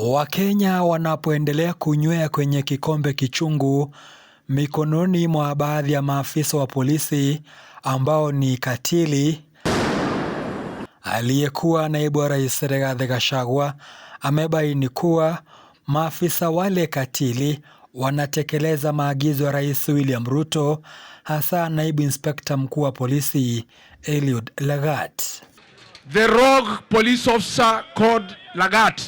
Wakenya wanapoendelea kunywea kwenye kikombe kichungu mikononi mwa baadhi ya maafisa wa polisi ambao ni katili, aliyekuwa naibu wa rais Rigathi Gachagua amebaini kuwa maafisa wale katili wanatekeleza maagizo ya Rais William Ruto, hasa naibu inspekta mkuu wa polisi Eliud Lagat. The rogue police officer called Lagat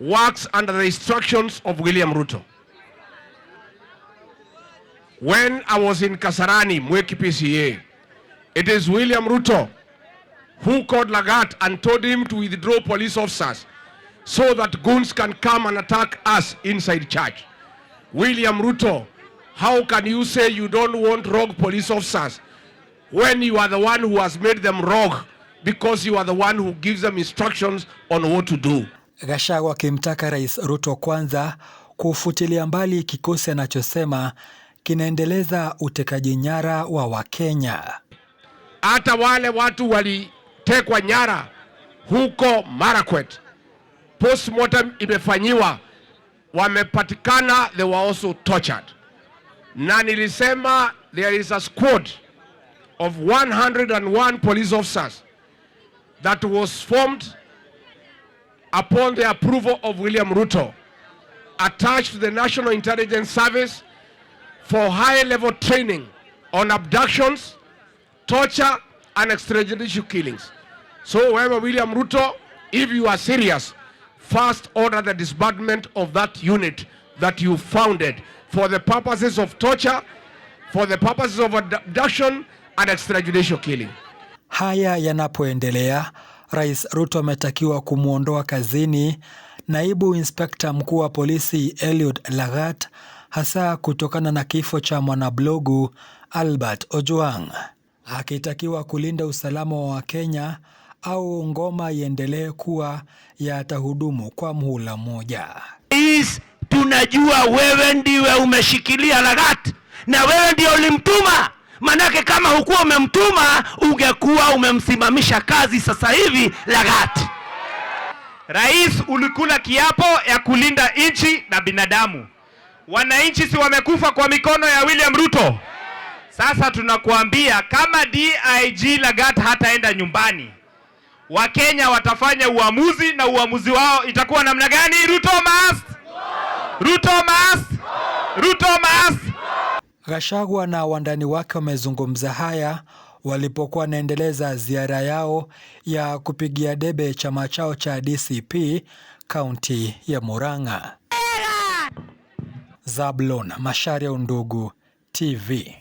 works under the instructions of William Ruto. When I was in Kasarani, Mweki PCA, it is William Ruto who called Lagat and told him to withdraw police officers so that goons can come and attack us inside church. William Ruto, how can you say you don't want rogue police officers when you are the one who has made them rogue because you are the one who gives them instructions on what to do? Gachagua akimtaka Rais Ruto kwanza kufutilia mbali kikosi anachosema kinaendeleza utekaji nyara wa Wakenya. Hata wale watu walitekwa nyara huko Marakwet, postmortem imefanyiwa, wamepatikana, they were also tortured. Na nilisema there is a squad of 101 police officers that was formed upon the approval of William Ruto, attached to the National Intelligence Service for high-level training on abductions, torture, and extrajudicial killings. So wherever William Ruto, if you are serious, first order the disbandment of that unit that you founded for the purposes of torture, for the purposes of abduction and extrajudicial killing. Haya yanapoendelea Rais Ruto ametakiwa kumwondoa kazini naibu inspekta mkuu wa polisi Eliud Lagat, hasa kutokana na kifo cha mwanablogu Albert Ojwang. Akitakiwa kulinda usalama wa Wakenya au ngoma iendelee kuwa yatahudumu kwa muhula mmoja. Tunajua wewe ndiwe umeshikilia Lagat na wewe ndio ulimtuma Manake kama hukuwa umemtuma ungekuwa umemsimamisha kazi sasa hivi Lagat. Rais, ulikula kiapo ya kulinda nchi na binadamu. Wananchi si wamekufa kwa mikono ya William Ruto? Sasa tunakuambia kama DIG Lagat hataenda nyumbani, Wakenya watafanya uamuzi na uamuzi wao itakuwa namna gani? Ruto must! Ruto Ruto Gachagua na wandani wake wamezungumza haya walipokuwa wanaendeleza ziara yao ya kupigia debe chama chao cha DCP kaunti ya Murang'a. Zablon Macharia, Undugu TV.